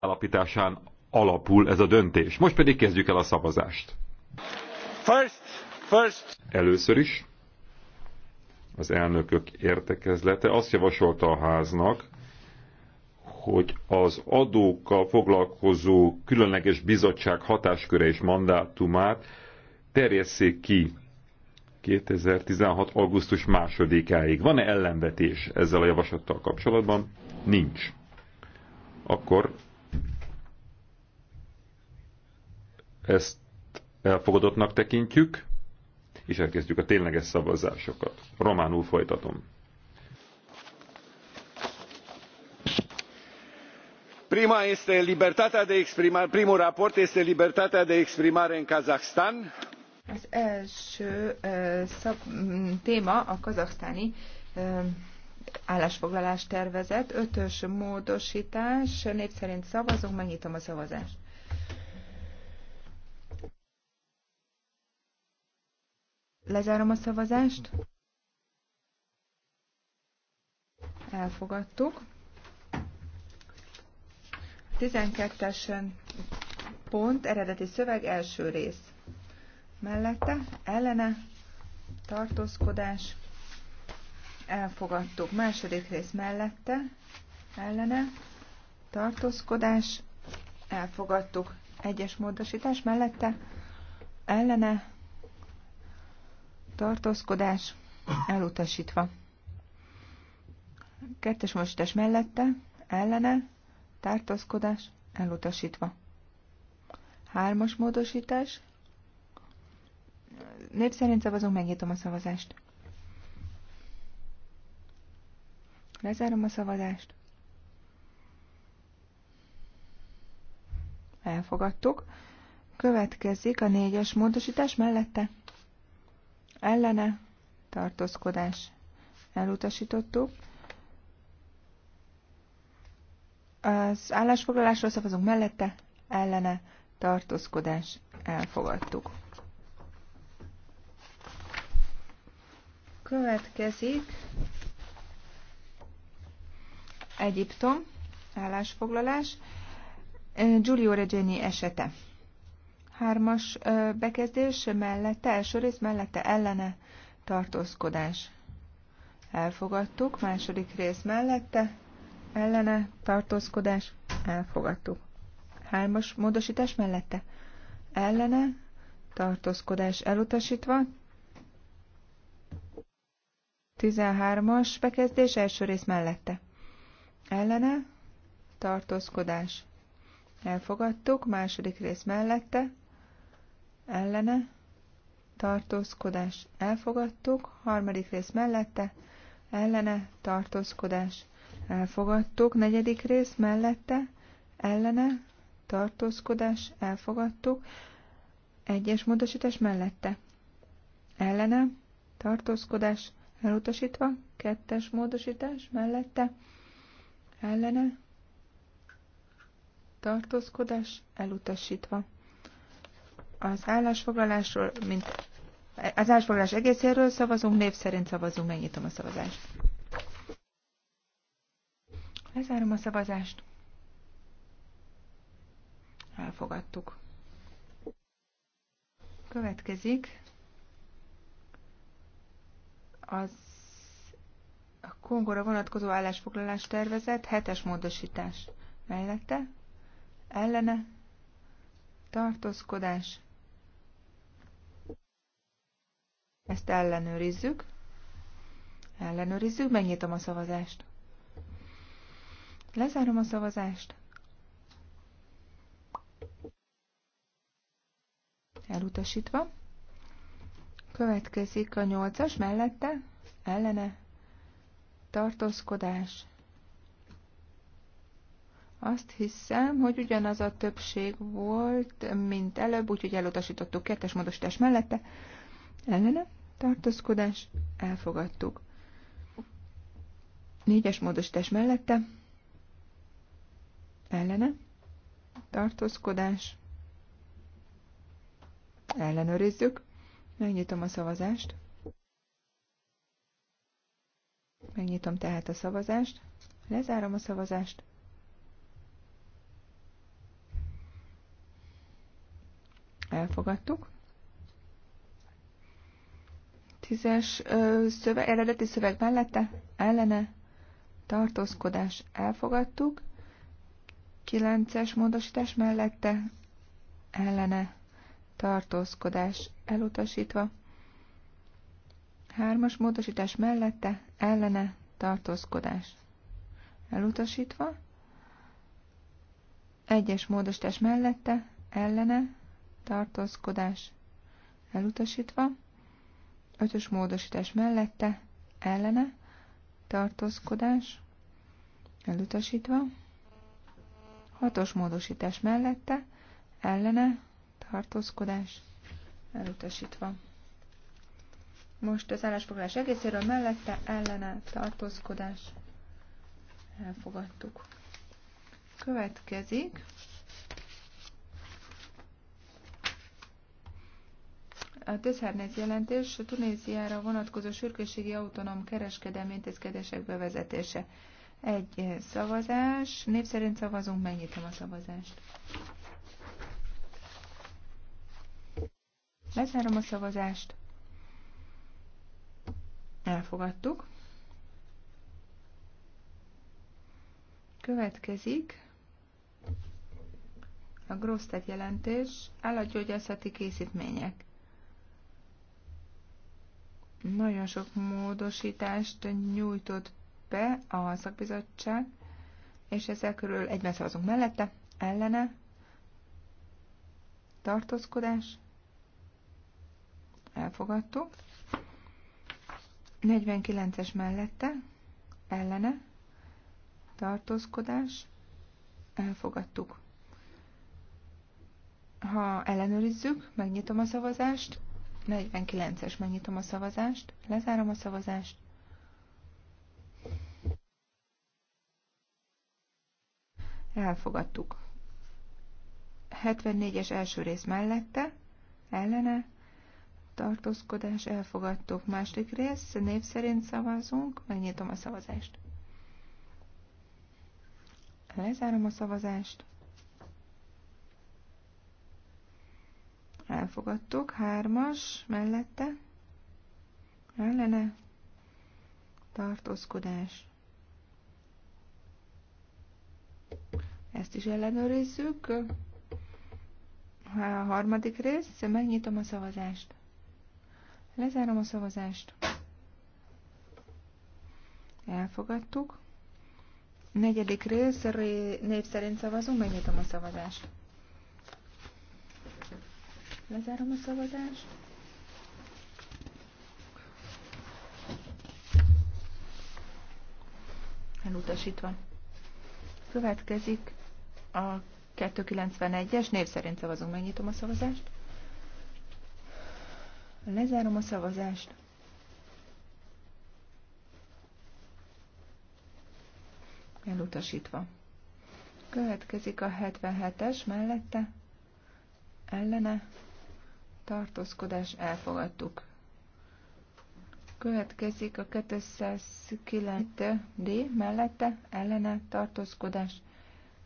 alapításán alapul ez a döntés. Most pedig kezdjük el a szavazást. First, first. Először is az elnökök értekezlete azt javasolta a háznak, hogy az adókkal foglalkozó különleges bizottság hatásköre és mandátumát terjesszék ki 2016. augusztus másodikáig. Van-e ellenvetés ezzel a javaslattal kapcsolatban? Nincs. Akkor Ezt elfogadottnak tekintjük, és elkezdjük a tényleges szavazásokat. Románul folytatom. prima este libertatea de exprimare primul raport este libertatea de exprimare în kazahstan az első uh, szab, téma a kazahsztáni uh, állásfoglalás tervezet, ötös módosítás, név szerint szavazunk, megnyitom a szavazást. Lezárom a szavazást. Elfogadtuk. 12-es pont, eredeti szöveg, első rész. Mellette, ellene, tartózkodás, elfogadtuk. Második rész mellette, ellene, tartózkodás, elfogadtuk. Egyes módosítás mellette, ellene, tartózkodás elutasítva. Kettes mosítás mellette, ellene, tartózkodás elutasítva. Hármas módosítás. Név szerint szavazunk, megnyitom a szavazást. Lezárom a szavazást. Elfogadtuk. Következik a négyes módosítás mellette ellene tartózkodás elutasítottuk. Az állásfoglalásról szavazunk mellette, ellene tartózkodás elfogadtuk. Következik Egyiptom állásfoglalás, Giulio Regeni esete. Hármas bekezdés mellette, első rész mellette ellene tartózkodás. Elfogadtuk. Második rész mellette ellene tartózkodás. Elfogadtuk. Hármas módosítás mellette ellene tartózkodás elutasítva. 13-as bekezdés első rész mellette. Ellene tartózkodás. Elfogadtuk, második rész mellette, ellene, tartózkodás elfogadtuk, harmadik rész mellette, ellene, tartózkodás elfogadtuk, negyedik rész mellette, ellene, tartózkodás elfogadtuk, egyes módosítás mellette, ellene, tartózkodás elutasítva, kettes módosítás mellette, ellene, tartózkodás elutasítva az állásfoglalásról, mint az állásfoglalás egészéről szavazunk, név szerint szavazunk, megnyitom a szavazást. Lezárom a szavazást. Elfogadtuk. Következik az a Kongora vonatkozó állásfoglalás tervezet, hetes módosítás mellette, ellene, tartózkodás, Ezt ellenőrizzük. Ellenőrizzük, megnyitom a szavazást. Lezárom a szavazást. Elutasítva. Következik a nyolcas mellette, ellene, tartózkodás. Azt hiszem, hogy ugyanaz a többség volt, mint előbb, úgyhogy elutasítottuk kettes módosítás mellette, ellene, tartózkodás, elfogadtuk. Négyes módosítás mellette, ellene, tartózkodás, ellenőrizzük, megnyitom a szavazást, megnyitom tehát a szavazást, lezárom a szavazást, elfogadtuk, 10-es szöve eredeti szöveg mellette, ellene, tartózkodás elfogadtuk. Kilences módosítás mellette, ellene, tartózkodás elutasítva. 3-as módosítás mellette, ellene, tartózkodás elutasítva. Egyes módosítás mellette, ellene, tartózkodás elutasítva. Ötös módosítás mellette, ellene, tartózkodás, elutasítva. Hatos módosítás mellette, ellene, tartózkodás, elutasítva. Most az állásfoglalás egészéről mellette, ellene, tartózkodás, elfogadtuk. Következik A Teszárnec jelentés a Tunéziára vonatkozó sürgősségi autonóm kereskedelmi intézkedések bevezetése. Egy eh, szavazás, név szerint szavazunk, megnyitom a szavazást. Lezárom a szavazást. Elfogadtuk. Következik a Grosztet jelentés, állatgyógyászati készítmények. Nagyon sok módosítást nyújtott be a szakbizottság, és ezzel körül egyben szavazunk mellette, ellene, tartózkodás, elfogadtuk. 49-es mellette, ellene, tartózkodás, elfogadtuk. Ha ellenőrizzük, megnyitom a szavazást, 49-es, megnyitom a szavazást, lezárom a szavazást. Elfogadtuk. 74-es első rész mellette, ellene, tartózkodás, elfogadtuk. Második rész, név szerint szavazunk, megnyitom a szavazást. Lezárom a szavazást. elfogadtuk, hármas mellette, ellene, tartózkodás. Ezt is ellenőrizzük. A harmadik rész, megnyitom a szavazást. Lezárom a szavazást. Elfogadtuk. Negyedik rész, név szerint szavazunk, megnyitom a szavazást. Lezárom a szavazást. Elutasítva. Következik a 291-es, név szerint szavazunk, megnyitom a szavazást. Lezárom a szavazást. Elutasítva. Következik a 77-es mellette, ellene, tartózkodás elfogadtuk. Következik a 209 D mellette ellene tartózkodás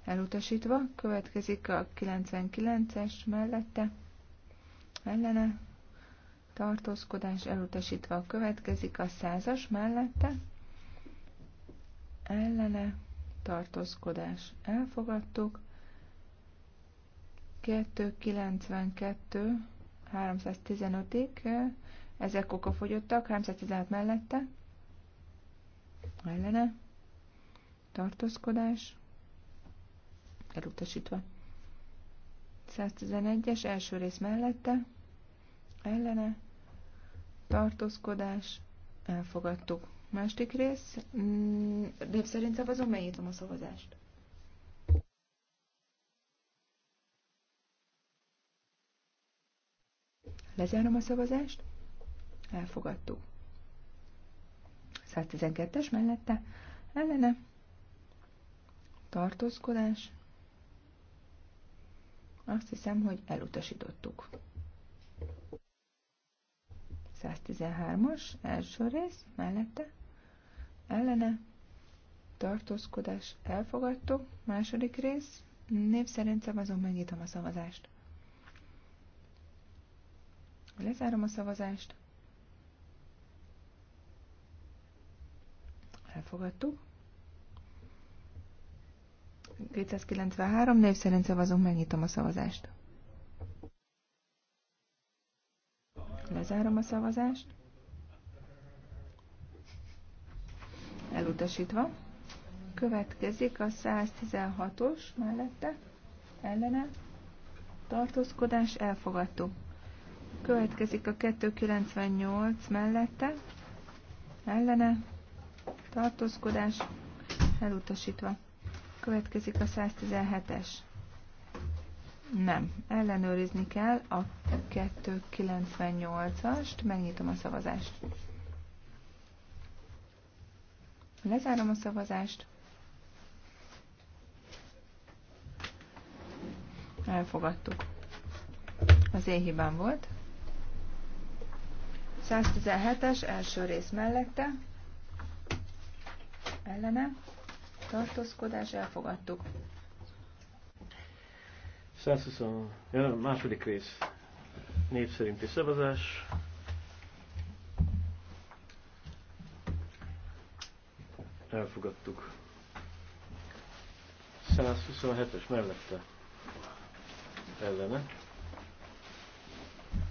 elutasítva. Következik a 99-es mellette ellene tartózkodás elutasítva. Következik a 100-as mellette ellene tartózkodás elfogadtuk. 292 315-ig, ezek fogyottak, 316 mellette, ellene, tartózkodás, elutasítva. 111-es első rész mellette, ellene, tartózkodás, elfogadtuk. másik rész, de mm, szerint szavazom, melyítom a szavazást. Lezárom a szavazást. Elfogadtuk. 112-es mellette ellene tartózkodás. Azt hiszem, hogy elutasítottuk. 113-as első rész mellette ellene tartózkodás elfogadtuk. Második rész név szerint szavazom, megnyitom a szavazást. Lezárom a szavazást. Elfogadtuk. 293 név szerint szavazunk, megnyitom a szavazást. Lezárom a szavazást. Elutasítva. Következik a 116-os mellette, ellene, tartózkodás, elfogadtuk. Következik a 298 mellette, ellene, tartózkodás, elutasítva. Következik a 117-es. Nem, ellenőrizni kell a 298-ast, megnyitom a szavazást. Lezárom a szavazást. Elfogadtuk. Az én hibám volt. 117-es első rész mellette, ellene, tartózkodás, elfogadtuk. 120, ja, második rész, népszerinti szavazás. Elfogadtuk. 127-es mellette, ellene,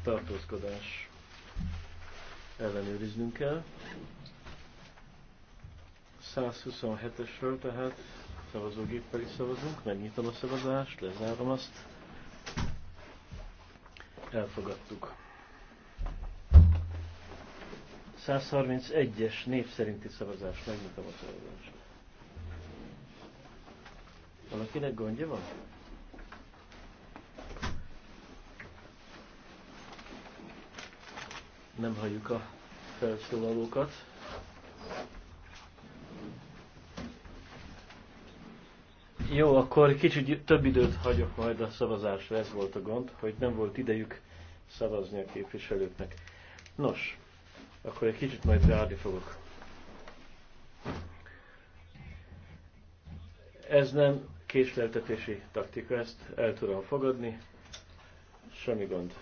tartózkodás, ellenőriznünk kell. 127-esről tehát szavazógéppel is szavazunk, megnyitom a szavazást, lezárom azt. Elfogadtuk. 131-es név szerinti szavazás, megnyitom a szavazást. Valakinek gondja van? nem halljuk a felszólalókat. Jó, akkor kicsit több időt hagyok majd a szavazásra, ez volt a gond, hogy nem volt idejük szavazni a képviselőknek. Nos, akkor egy kicsit majd beállni fogok. Ez nem késleltetési taktika, ezt el tudom fogadni, semmi gond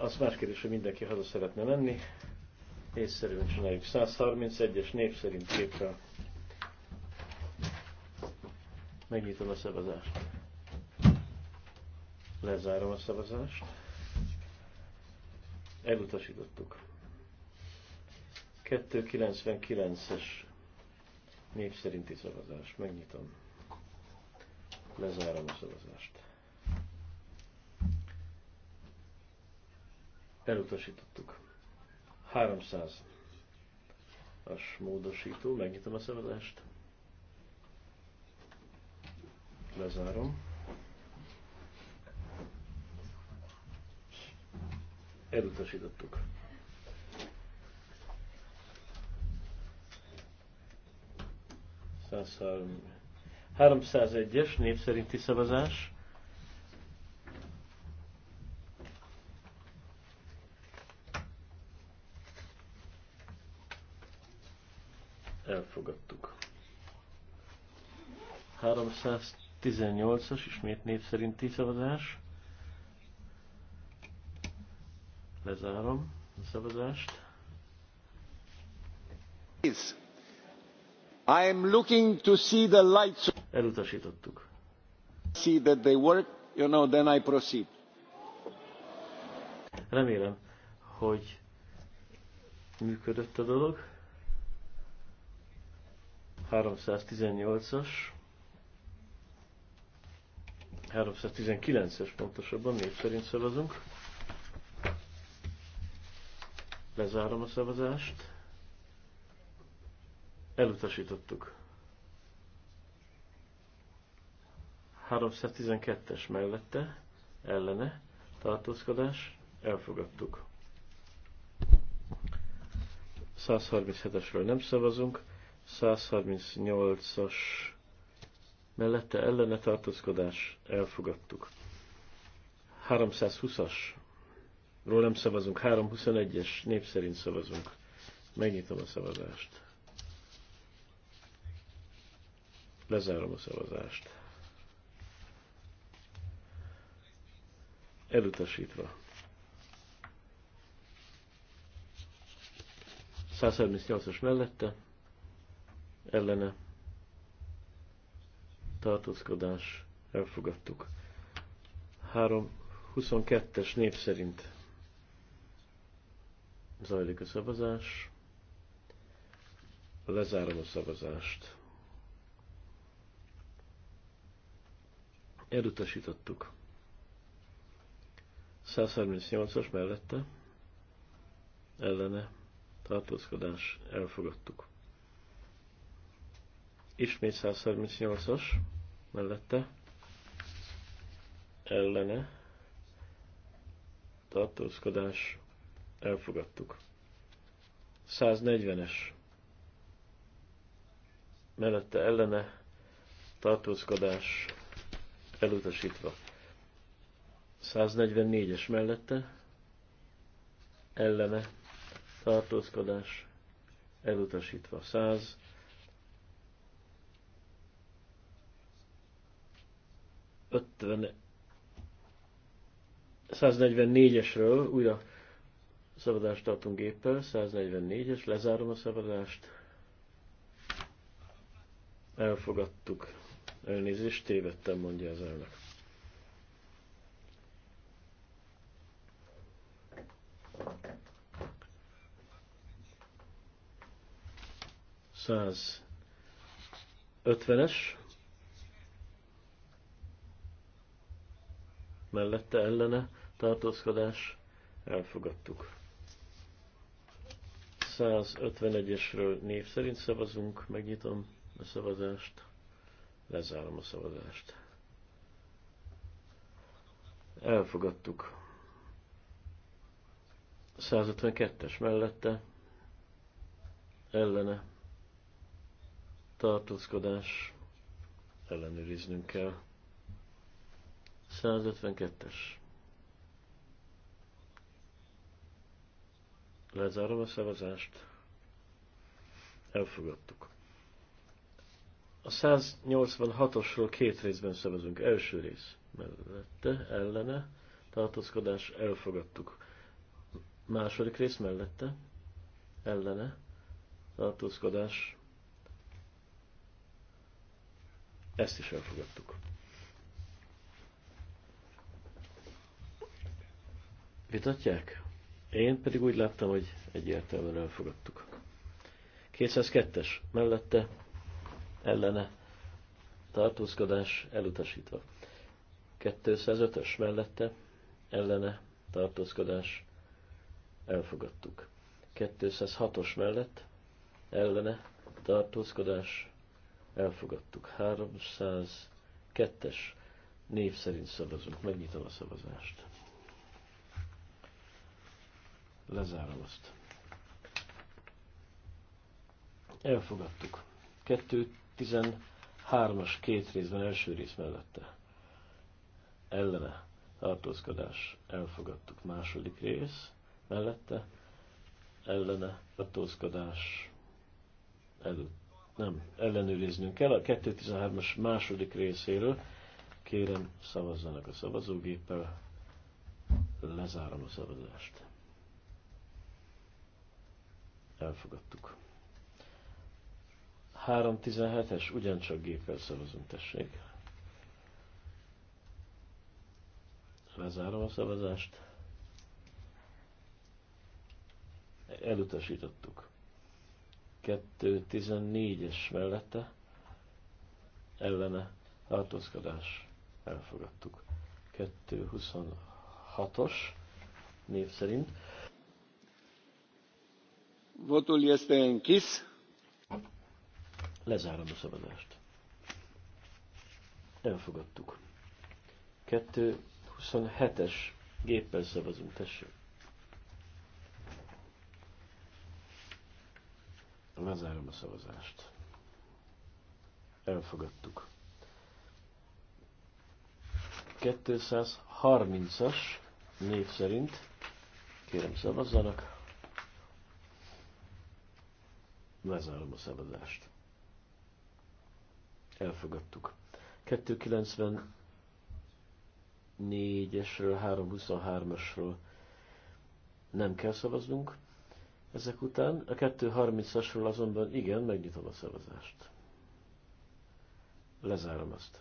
az más kérdés, hogy mindenki haza szeretne menni. Észszerűen csináljuk. 131-es név szerint képpel. Megnyitom a szavazást. Lezárom a szavazást. Elutasítottuk. 299-es név szerinti szavazás. Megnyitom. Lezárom a szavazást. Elutasítottuk. 300 as módosító, megnyitom a szavazást. Lezárom. Elutasítottuk. Százszal... 301-es név szerinti szavazás. elfogadtuk. 318-as, ismét név szerinti szavazás. Lezárom a szavazást. I am looking to see the lights. Elutasítottuk. See that they work, you know, then I proceed. Remélem, hogy működött a dolog. 318-as, 319-es pontosabban, név szerint szavazunk. Lezárom a szavazást. Elutasítottuk. 312-es mellette, ellene, tartózkodás, elfogadtuk. 137-esről nem szavazunk, 138-as mellette ellene tartózkodás elfogadtuk. 320-as ról nem szavazunk, 321-es nép szerint szavazunk. Megnyitom a szavazást. Lezárom a szavazást. Elutasítva. 138-as mellette ellene tartózkodás elfogadtuk. 3.22-es név szerint zajlik a szavazás. Lezárom a szavazást. Elutasítottuk. 138-as mellette ellene tartózkodás elfogadtuk. Ismét 138-as mellette ellene tartózkodás elfogadtuk. 140-es mellette ellene tartózkodás elutasítva. 144-es mellette ellene tartózkodás elutasítva. 100 50 144-esről újra szabadást tartunk géppel, 144-es, lezárom a szabadást. Elfogadtuk. Elnézést, tévedtem, mondja az elnök. Száz ötvenes. mellette ellene tartózkodás elfogadtuk. 151-esről név szerint szavazunk, megnyitom a szavazást, lezárom a szavazást. Elfogadtuk. 152-es mellette ellene tartózkodás ellenőriznünk kell. 152-es. Lezárom a szavazást. Elfogadtuk. A 186-osról két részben szavazunk. Első rész mellette, ellene, tartózkodás, elfogadtuk. Második rész mellette, ellene, tartózkodás, ezt is elfogadtuk. Vitatják? Én pedig úgy láttam, hogy egyértelműen elfogadtuk. 202-es mellette ellene tartózkodás elutasítva. 205-ös mellette ellene tartózkodás elfogadtuk. 206-os mellett ellene tartózkodás elfogadtuk. 302-es név szerint szavazunk. Megnyitom a szavazást. Lezárom azt. Elfogadtuk. 2.13-as két részben első rész mellette. Ellene. Tartózkodás. Elfogadtuk. Második rész mellette. Ellene. Tartózkodás. Előtt. Nem. Ellenőriznünk kell. A 2.13-as második részéről kérem szavazzanak a szavazógéppel. Lezárom a szavazást. Elfogadtuk. 3.17-es, ugyancsak géppel szavazunk, tessék. Lezárom a szavazást. Elutasítottuk. 2.14-es mellette ellene tartózkodás. Elfogadtuk. 2.26-os név szerint Votul este închis. Lezárom a szavazást. Elfogadtuk. 2.27-es géppel szavazunk, tessék. Lezárom a szavazást. Elfogadtuk. 230-as név szerint kérem szavazzanak. Lezárom a szabadást. Elfogadtuk. 294-esről, 323-asról nem kell szavaznunk. Ezek után a 230-asról azonban igen, megnyitom a szavazást. Lezárom azt.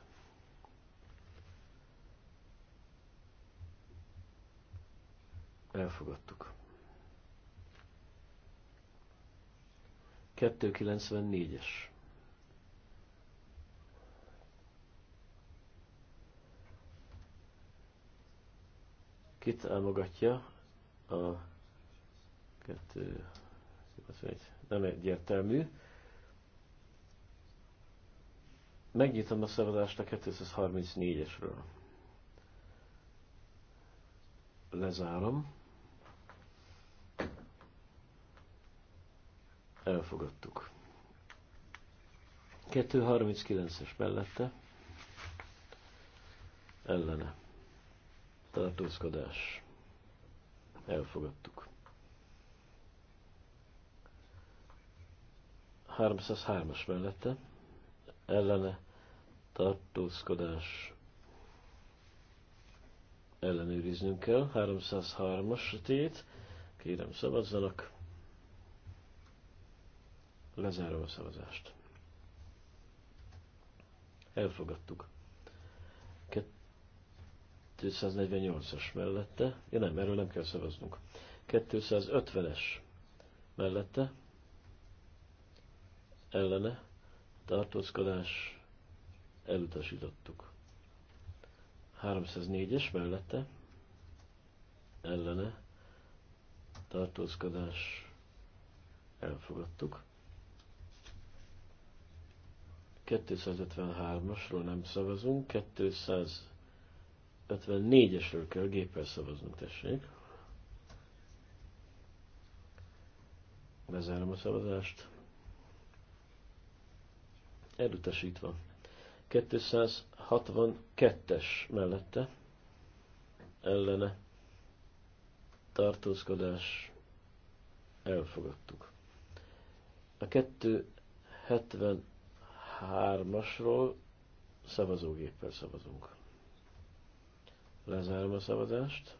Elfogadtuk. 294-es. Kit támogatja a 291? Nem egyértelmű. Megnyitom a szavazást a 234-esről. Lezárom. elfogadtuk. 239-es mellette ellene tartózkodás elfogadtuk. 303-as mellette ellene tartózkodás ellenőriznünk kell. 303-as tét, kérem szabadzanak. Lezárom a szavazást. Elfogadtuk. 248-as mellette. Ja nem, erről nem kell szavaznunk. 250-es mellette. Ellene. Tartózkodás. Elutasítottuk. 304-es mellette. Ellene. Tartózkodás. Elfogadtuk. 253-asról nem szavazunk, 254-esről kell géppel szavaznunk, tessék. Bezárom a szavazást. Elutasítva. 262-es mellette ellene tartózkodás elfogadtuk. A 270 hármasról szavazógéppel szavazunk. Lezárom a szavazást.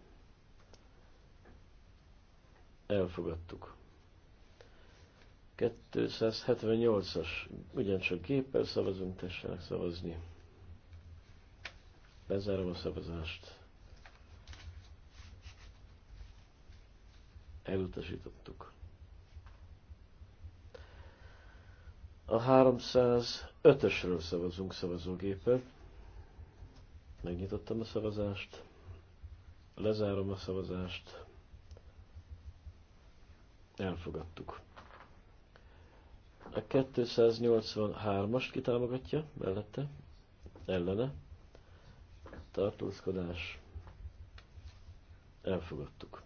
Elfogadtuk. 278-as, ugyancsak géppel szavazunk, tessenek szavazni. Bezárom a szavazást. Elutasítottuk. A 305-ösről szavazunk szavazógépet. Megnyitottam a szavazást. Lezárom a szavazást. Elfogadtuk. A 283 as kitámogatja mellette, ellene. Tartózkodás. Elfogadtuk.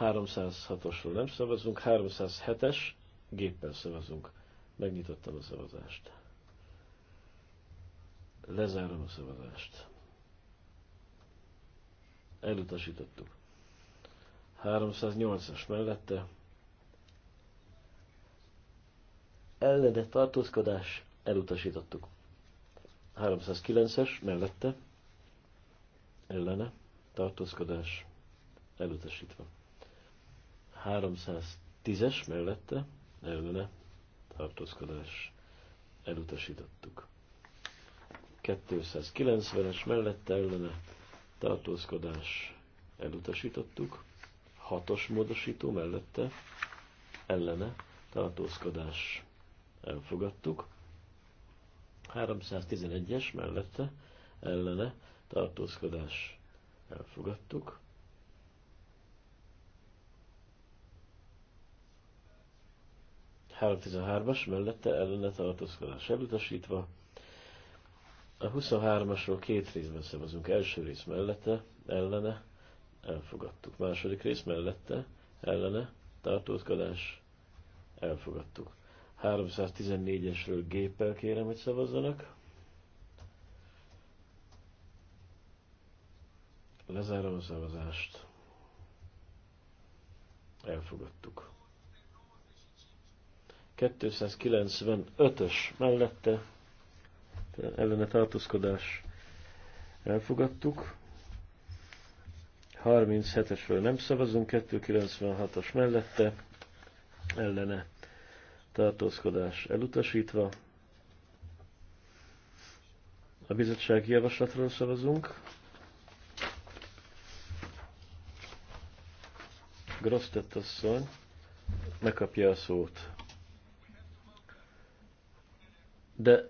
306-osról nem szavazunk, 307-es géppel szavazunk. Megnyitottam a szavazást. Lezárom a szavazást. Elutasítottuk. 308-as mellette ellene tartózkodás elutasítottuk. 309-es mellette ellene tartózkodás elutasítva. 310-es mellette ellene tartózkodás elutasítottuk. 290-es mellette ellene tartózkodás elutasítottuk. 6-os módosító mellette ellene tartózkodás elfogadtuk. 311-es mellette ellene tartózkodás elfogadtuk. 313-as mellette ellene tartózkodás elutasítva. A 23-asról két részben szavazunk. Első rész mellette, ellene, elfogadtuk. Második rész mellette, ellene, tartózkodás, elfogadtuk. 314-esről géppel kérem, hogy szavazzanak. Lezárom a szavazást. Elfogadtuk. 295-ös mellette ellene tartózkodás elfogadtuk. 37-esről nem szavazunk, 296-as mellette ellene tartózkodás elutasítva. A bizottsági javaslatról szavazunk. Grosztett asszony megkapja a szót de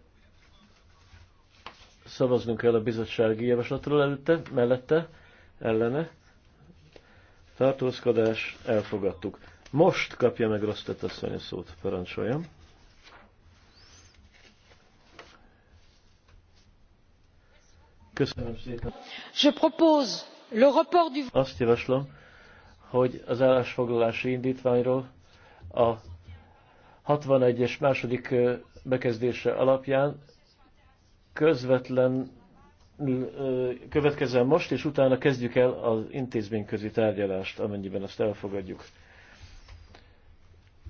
szavaznunk kell a bizottsági javaslatról előtte, mellette, ellene. Tartózkodás, elfogadtuk. Most kapja meg rossz asszony a szót, parancsoljam. Köszönöm szépen. Je propose le report du... Azt javaslom, hogy az állásfoglalási indítványról a 61-es második bekezdése alapján közvetlen következzen most, és utána kezdjük el az intézményközi tárgyalást, amennyiben azt elfogadjuk.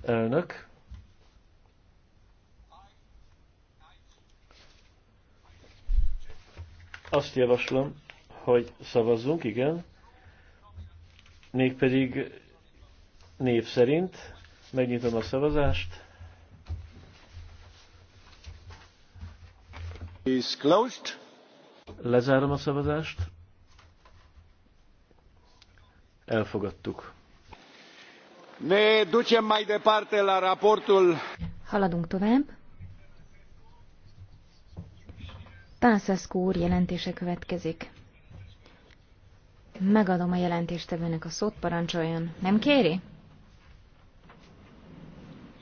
Elnök. Azt javaslom, hogy szavazzunk, igen. Mégpedig név szerint megnyitom a szavazást. Lezárom a szavazást. Elfogadtuk. Ne ducem mai departe la raportul. Haladunk tovább. Pászeszkó úr jelentése következik. Megadom a jelentéstevőnek a szót, parancsoljon. Nem kéri?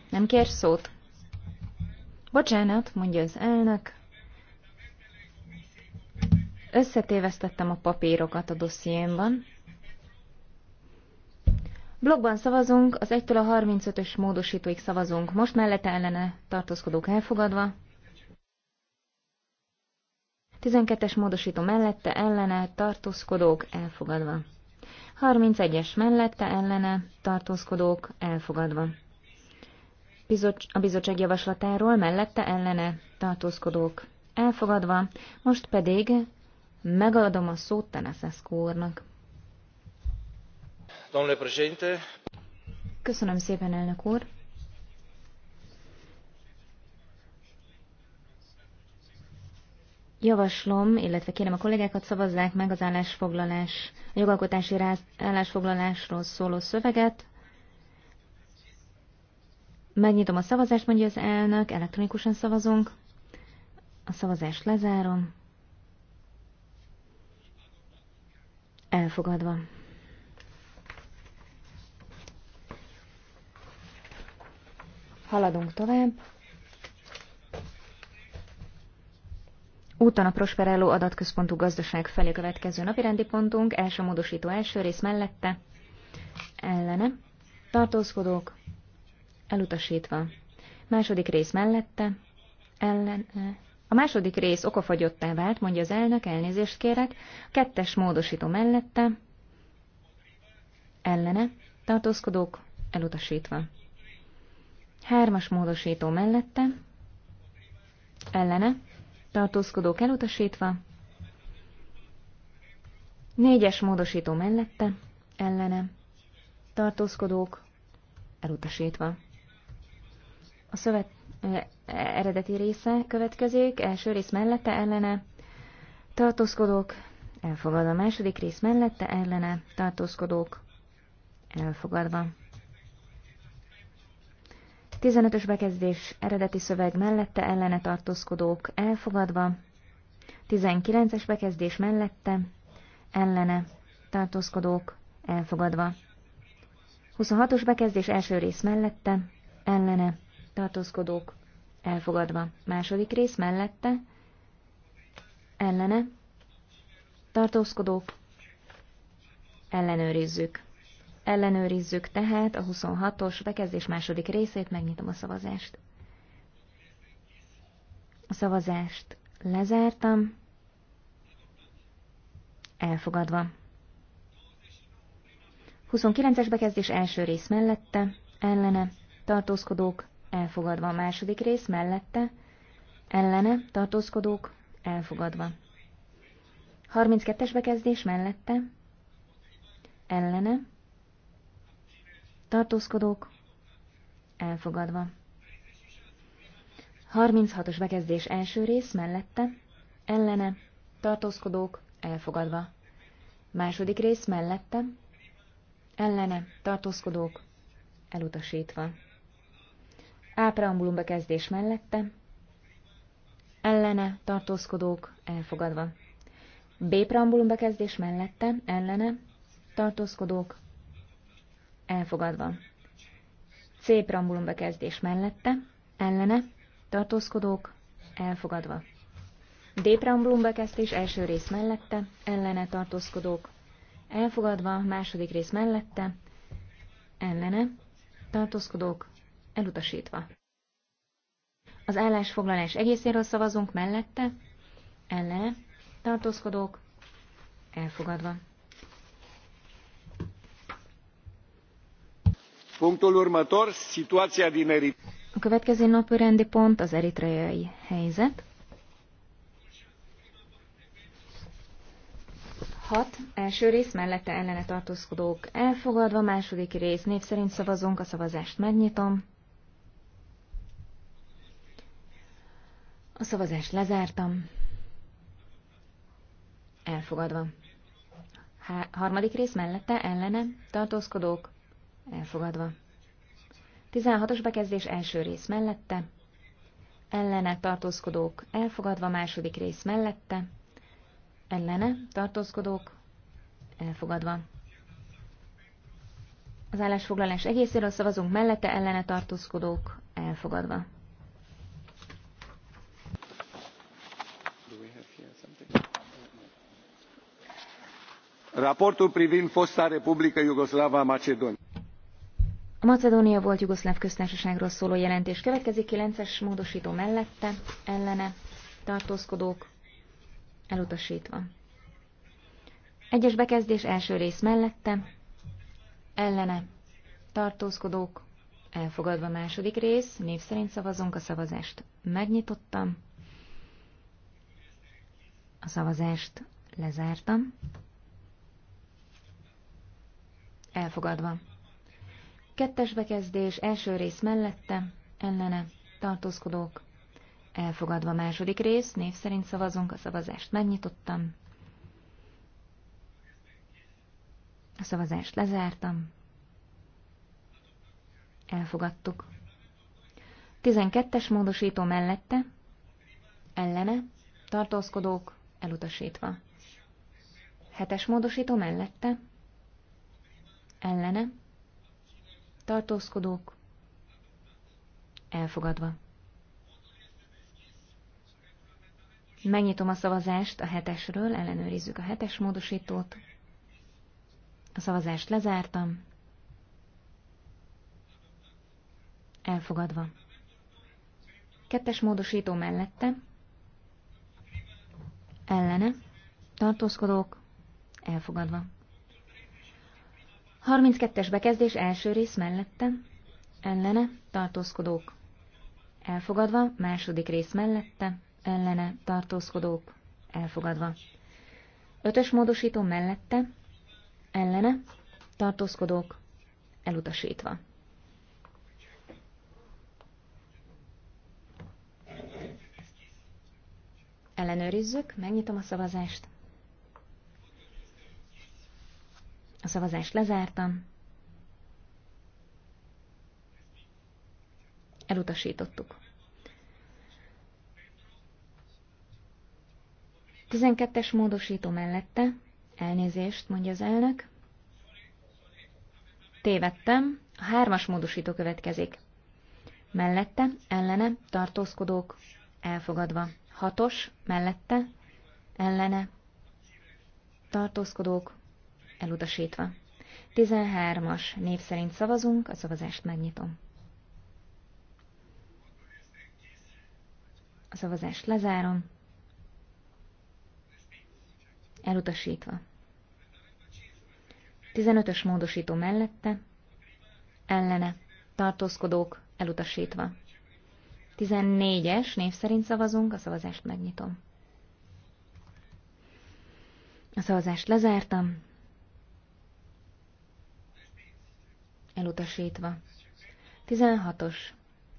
Nem kér szót? Bocsánat, mondja az elnök. Összetévesztettem a papírokat a dossziémban. Blogban szavazunk, az 1-től a 35-ös módosítóig szavazunk. Most mellette ellene tartózkodók elfogadva. 12-es módosító mellette ellene tartózkodók elfogadva. 31-es mellette ellene tartózkodók elfogadva. A bizottság javaslatáról mellette ellene tartózkodók elfogadva, most pedig Megadom a szót Teneszeszkó úrnak. Köszönöm szépen, elnök úr. Javaslom, illetve kérem a kollégákat szavazzák meg az állásfoglalás, a jogalkotási állásfoglalásról szóló szöveget. Megnyitom a szavazást, mondja az elnök, elektronikusan szavazunk. A szavazást lezárom. Elfogadva. Haladunk tovább. Úton a Prosperello adatközpontú gazdaság felé következő napirendi pontunk, első módosító első rész mellette, ellene, tartózkodók, elutasítva. Második rész mellette, ellene, a második rész okafagyottá vált, mondja az elnök, elnézést kérek, kettes módosító mellette, ellene, tartózkodók, elutasítva. Hármas módosító mellette, ellene, tartózkodók elutasítva. Négyes módosító mellette, ellene, tartózkodók elutasítva. A szövet eredeti része következik, első rész mellette ellene, tartózkodók, elfogadva. második rész mellette ellene, tartózkodók, elfogadva. 15-ös bekezdés eredeti szöveg mellette ellene tartózkodók elfogadva, 19-es bekezdés mellette ellene tartózkodók elfogadva, 26-os bekezdés első rész mellette ellene tartózkodók elfogadva. Második rész mellette, ellene, tartózkodók, ellenőrizzük. Ellenőrizzük tehát a 26-os bekezdés második részét, megnyitom a szavazást. A szavazást lezártam, elfogadva. 29-es bekezdés első rész mellette, ellene, tartózkodók, elfogadva a második rész, mellette, ellene, tartózkodók, elfogadva. 32-es bekezdés mellette, ellene, tartózkodók, elfogadva. 36-os bekezdés első rész mellette, ellene, tartózkodók, elfogadva. Második rész mellette, ellene, tartózkodók, elutasítva. A bekezdés mellette, ellene tartózkodók elfogadva. B preambulum bekezdés mellette, ellene tartózkodók elfogadva. C preambulum bekezdés mellette, ellene tartózkodók elfogadva. D preambulum bekezdés első rész mellette, ellene tartózkodók elfogadva, második rész mellette, ellene tartózkodók Elutasítva. Az állásfoglalás egészéről szavazunk mellette, ellene, tartózkodók, elfogadva. Punctul următor, situația din Eritrea. A következő napi rendi pont az eritreai helyzet. 6. Első rész mellette ellene tartózkodók elfogadva, második rész név szerint szavazunk, a szavazást megnyitom. A szavazást lezártam. Elfogadva. Há harmadik rész mellette, ellene, tartózkodók, elfogadva. 16-os bekezdés első rész mellette, ellene tartózkodók, elfogadva második rész mellette, ellene tartózkodók, elfogadva. Az állásfoglalás egészéről szavazunk mellette, ellene tartózkodók, elfogadva. raportul privind fosta Republică Iugoslava Macedónia. A Macedónia volt Jugoszláv köztársaságról szóló jelentés következik 9-es módosító mellette, ellene, tartózkodók, elutasítva. Egyes bekezdés első rész mellette, ellene, tartózkodók, elfogadva második rész, név szerint szavazunk a szavazást. Megnyitottam, a szavazást lezártam. Elfogadva. Kettes bekezdés első rész mellette, ellene, tartózkodók. Elfogadva második rész, név szerint szavazunk, a szavazást megnyitottam. A szavazást lezártam. Elfogadtuk. 12-es módosító mellette, ellene, tartózkodók, elutasítva. 7-es módosító mellette, ellene, tartózkodók, elfogadva. Megnyitom a szavazást a hetesről, ellenőrizzük a hetes módosítót. A szavazást lezártam. Elfogadva. Kettes módosító mellette. Ellene. Tartózkodók. Elfogadva. 32-es bekezdés első rész mellette, ellene, tartózkodók. Elfogadva, második rész mellette, ellene, tartózkodók. Elfogadva. Ötös módosító mellette, ellene, tartózkodók. Elutasítva. Ellenőrizzük, megnyitom a szavazást. A szavazást lezártam. Elutasítottuk. 12-es módosító mellette, elnézést, mondja az elnök. Tévedtem, a hármas módosító következik. Mellette, ellene, tartózkodók, elfogadva. Hatos, mellette, ellene, tartózkodók, elutasítva. 13-as név szerint szavazunk, a szavazást megnyitom. A szavazást lezárom. Elutasítva. 15-ös módosító mellette, ellene, tartózkodók, elutasítva. 14-es név szerint szavazunk, a szavazást megnyitom. A szavazást lezártam, elutasítva. 16-os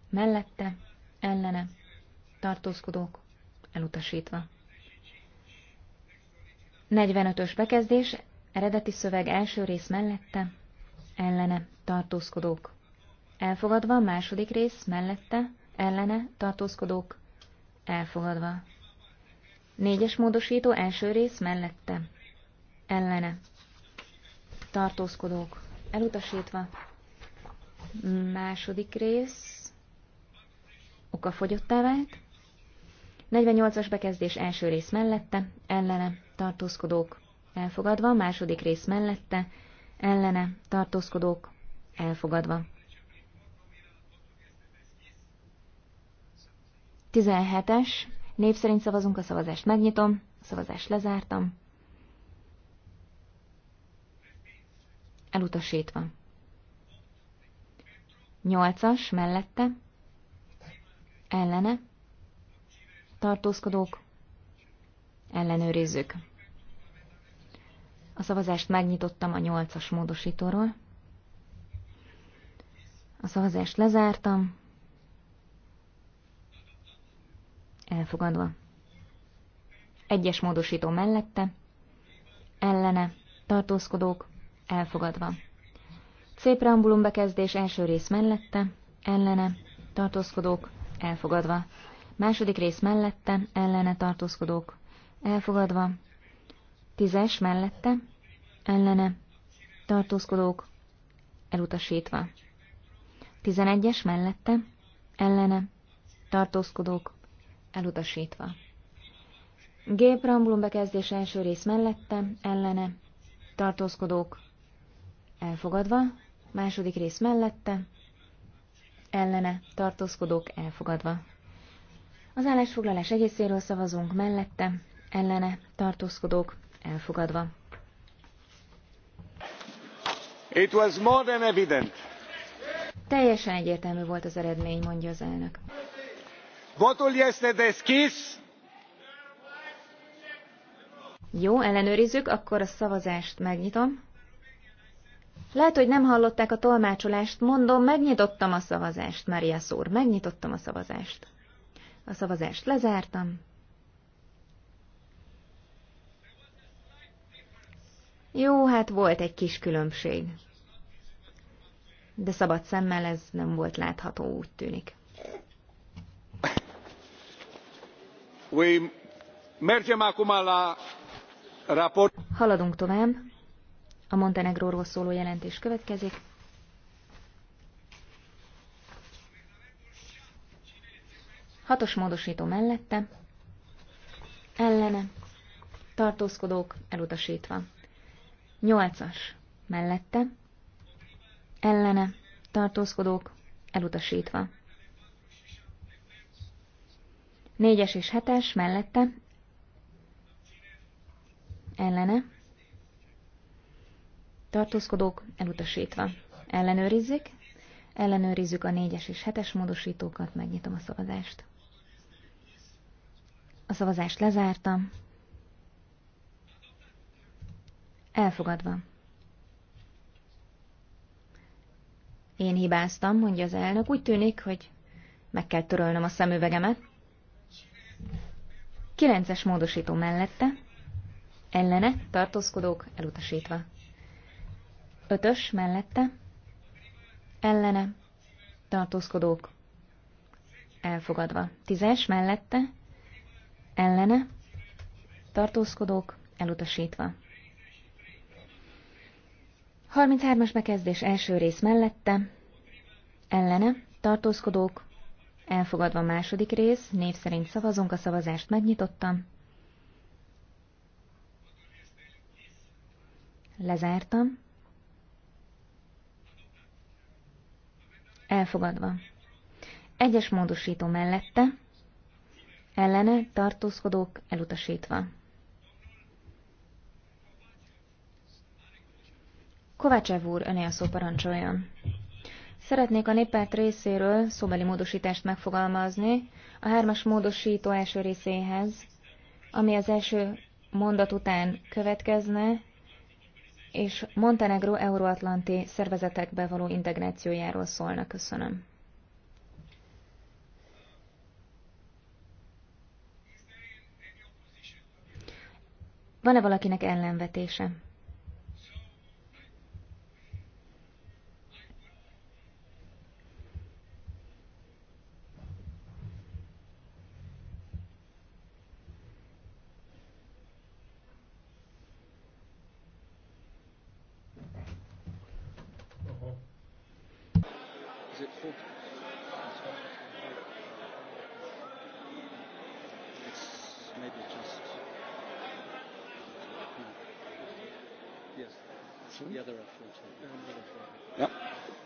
mellette, ellene, tartózkodók, elutasítva. 45-ös bekezdés, eredeti szöveg első rész mellette, ellene, tartózkodók. Elfogadva, második rész mellette, ellene, tartózkodók, elfogadva. Négyes módosító első rész mellette, ellene, tartózkodók, elutasítva. Második rész oka fogyott vált. 48-as bekezdés első rész mellette, ellene, tartózkodók, elfogadva. Második rész mellette, ellene, tartózkodók, elfogadva. 17-es, név szerint szavazunk, a szavazást megnyitom, a szavazást lezártam. Elutasítva. Nyolcas mellette, ellene, tartózkodók, ellenőrizzük. A szavazást megnyitottam a nyolcas módosítóról. A szavazást lezártam. Elfogadva. Egyes módosító mellette, ellene, tartózkodók, elfogadva. Szép rambulum bekezdés első rész mellette, ellene, tartózkodók, elfogadva. Második rész mellette, ellene tartózkodók, elfogadva. Tízes mellette, ellene, tartózkodók, elutasítva. Tizenegyes mellette, ellene, tartózkodók, elutasítva. Gép rambulum bekezdés első rész mellette, ellene, tartózkodók, elfogadva. Második rész mellette, ellene tartózkodók elfogadva. Az állásfoglalás egészéről szavazunk mellette, ellene tartózkodók elfogadva. It was more than evident. Teljesen egyértelmű volt az eredmény, mondja az elnök. Votul este deschis. Jó, ellenőrizzük, akkor a szavazást megnyitom. Lehet, hogy nem hallották a tolmácsolást, mondom, megnyitottam a szavazást, Maria szór, megnyitottam a szavazást. A szavazást lezártam. Jó, hát volt egy kis különbség. De szabad szemmel ez nem volt látható, úgy tűnik. Haladunk tovább. A Montenegróról szóló jelentés következik. Hatos módosító mellette, ellene, tartózkodók elutasítva. Nyolcas mellette, ellene, tartózkodók elutasítva. Négyes és hetes mellette, ellene, tartózkodók elutasítva. Ellenőrizzük. Ellenőrizzük a 4-es és 7-es módosítókat, megnyitom a szavazást. A szavazást lezártam. Elfogadva. Én hibáztam, mondja az elnök. Úgy tűnik, hogy meg kell törölnöm a szemüvegemet. Kilences módosító mellette, ellene tartózkodók elutasítva. Ötös mellette. Ellene. Tartózkodók. Elfogadva. Tízes mellette. Ellene. Tartózkodók. Elutasítva. 33-as bekezdés első rész mellette. Ellene. Tartózkodók. Elfogadva második rész. Név szerint szavazunk. A szavazást megnyitottam. Lezártam. Elfogadva. Egyes módosító mellette. Ellene tartózkodók elutasítva. Kovácsev úr, öné a szó parancsoljon. Szeretnék a néppárt részéről szóbeli módosítást megfogalmazni a hármas módosító első részéhez, ami az első mondat után következne, és Montenegro euróatlanti szervezetekbe való integrációjáról szólna. Köszönöm. Van-e valakinek ellenvetése?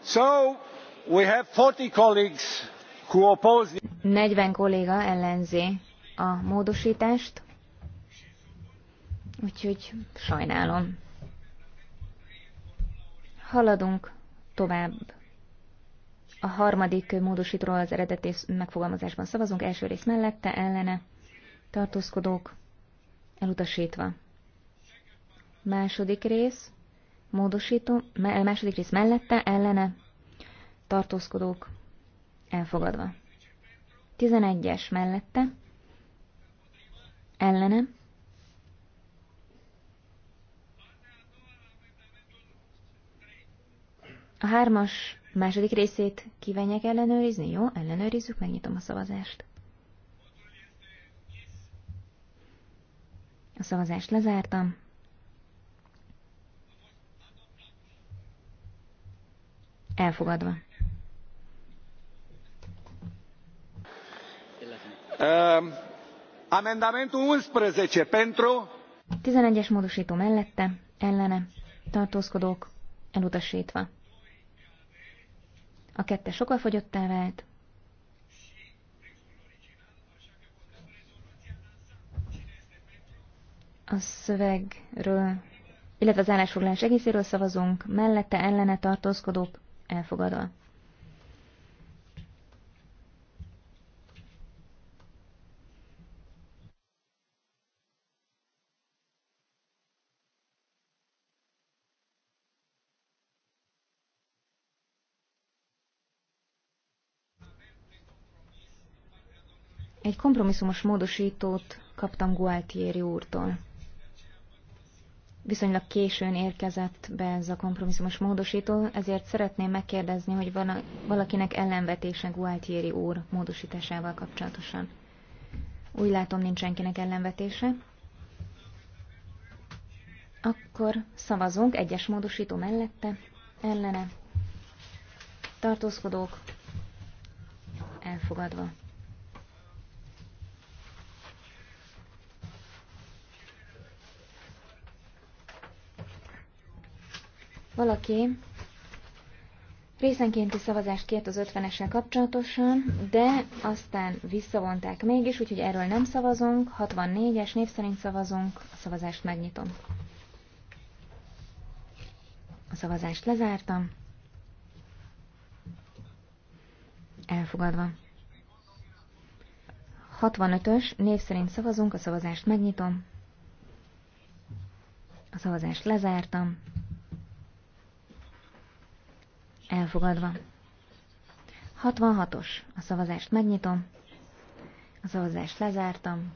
So, we have 40 colleagues who oppose 40 kolléga ellenzi a módosítást, úgyhogy sajnálom. Haladunk tovább. A harmadik módosítóról az eredeti megfogalmazásban szavazunk, első rész mellette, ellene, tartózkodók, elutasítva. Második rész, módosító, második rész mellette, ellene, tartózkodók, elfogadva. 11-es mellette, ellene, A hármas második részét kívánják ellenőrizni, jó? Ellenőrizzük, megnyitom a szavazást. A szavazást lezártam. Elfogadva. Amendamentum 11 pentru. 11-es módosító mellette, ellene, tartózkodók, elutasítva. A kette sokkal fogyottá vált. A szövegről, illetve az állásfoglalás egészéről szavazunk, mellette ellene tartózkodók elfogadva. Egy kompromisszumos módosítót kaptam Gualtieri úrtól viszonylag későn érkezett be ez a kompromisszumos módosító, ezért szeretném megkérdezni, hogy van valakinek ellenvetése Gualtieri úr módosításával kapcsolatosan. Úgy látom, nincs senkinek ellenvetése. Akkor szavazunk egyes módosító mellette, ellene, tartózkodók, elfogadva. Valaki részenkénti szavazást kért az 50-essel kapcsolatosan, de aztán visszavonták mégis, úgyhogy erről nem szavazunk. 64-es név szerint szavazunk, a szavazást megnyitom. A szavazást lezártam. Elfogadva. 65-ös, név szerint szavazunk, a szavazást megnyitom. A szavazást lezártam. Elfogadva. 66-os. A szavazást megnyitom. A szavazást lezártam.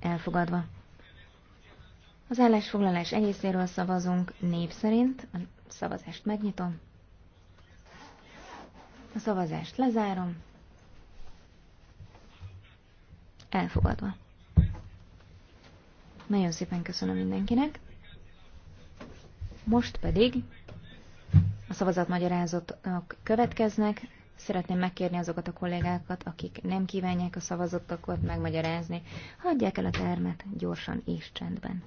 Elfogadva. Az állásfoglalás egészéről szavazunk név szerint. A szavazást megnyitom. A szavazást lezárom. Elfogadva. Nagyon szépen köszönöm mindenkinek. Most pedig a szavazatmagyarázatok következnek. Szeretném megkérni azokat a kollégákat, akik nem kívánják a szavazatokat megmagyarázni, hagyják el a termet gyorsan és csendben.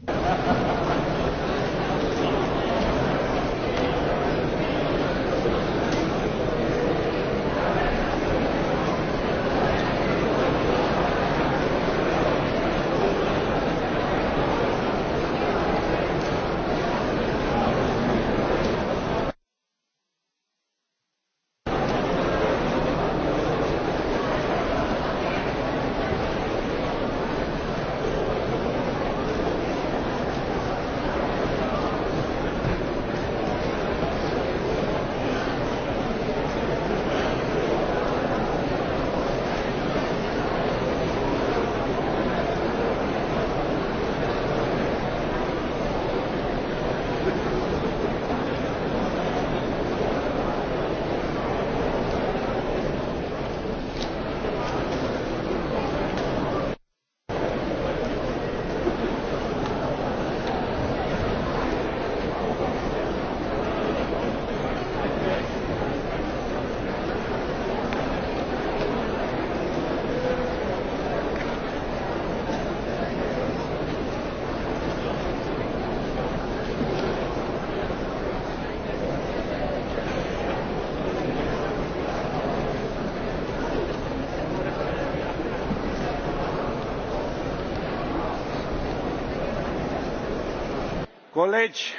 Colegi,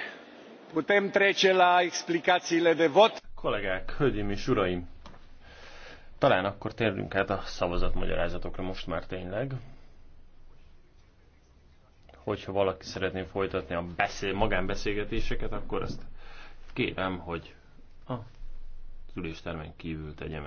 putem trece la explicațiile de vot. Kollégák, hölgyeim és uraim, talán akkor térjünk át a szavazatmagyarázatokra most már tényleg. Hogyha valaki szeretné folytatni a beszél, magánbeszélgetéseket, akkor azt kérem, hogy a üléstermen kívül tegye meg.